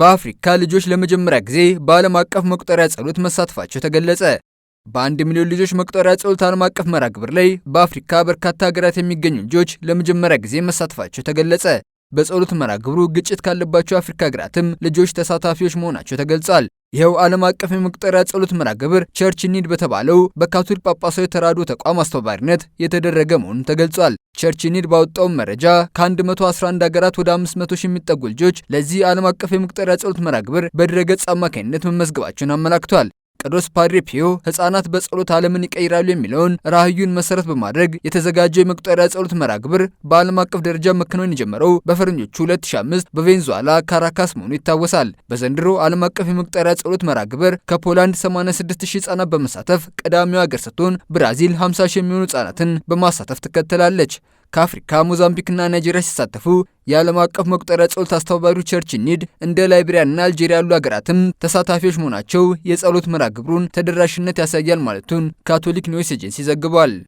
በአፍሪካ ልጆች ለመጀመሪያ ጊዜ በዓለም አቀፍ መቁጠሪያ ጸሎት መሳተፋቸው ተገለጸ። በአንድ ሚሊዮን ልጆች መቁጠሪያ ጸሎት ዓለም አቀፍ መርሃ ግብር ላይ በአፍሪካ በርካታ ሀገራት የሚገኙ ልጆች ለመጀመሪያ ጊዜ መሳተፋቸው ተገለጸ። በጸሎት መርሃ ግብሩ ግጭት ካለባቸው አፍሪካ ሀገራትም ልጆች ተሳታፊዎች መሆናቸው ተገልጿል። ይኸው ዓለም አቀፍ የመቁጠሪያ ጸሎት መርሃ ግብር ቸርች ኒድ በተባለው በካቶሊክ ጳጳሳዊ ተራድኦ ተቋም አስተባባሪነት የተደረገ መሆኑን ተገልጿል። ቸርች ኒድ ባወጣው መረጃ ከ111 ሀገራት ወደ 500 ሺህ የሚጠጉ ልጆች ለዚህ ዓለም አቀፍ የመቁጠሪያ ጸሎት መርሃ ግብር በድረገጽ አማካኝነት መመዝገባቸውን አመላክቷል። ቅዱስ ፓድሪ ፒዮ ህጻናት በጸሎት ዓለምን ይቀይራሉ የሚለውን ራህዩን መሰረት በማድረግ የተዘጋጀው የመቁጠሪያ ጸሎት መርሃ ግብር በዓለም አቀፍ ደረጃ መከናወን የጀመረው በፈረንጆቹ 2005 በቬንዙዌላ ካራካስ መሆኑ ይታወሳል። በዘንድሮ ዓለም አቀፍ የመቁጠሪያ ጸሎት መርሃ ግብር ከፖላንድ 86000 ህጻናት በመሳተፍ ቀዳሚው ሀገር ስትሆን ብራዚል 50000 የሚሆኑ ህጻናትን በማሳተፍ ትከተላለች። ከአፍሪካ ሞዛምቢክና ናይጄሪያ ሲሳተፉ የዓለም አቀፍ መቁጠሪያ ጸሎት አስተባባሪው ቸርች ኒድ እንደ ላይብሪያና አልጄሪያ ያሉ ሀገራትም ተሳታፊዎች መሆናቸው የጸሎት መርሃ ግብሩን ተደራሽነት ያሳያል ማለቱን ካቶሊክ ኒውስ ኤጀንሲ ዘግቧል።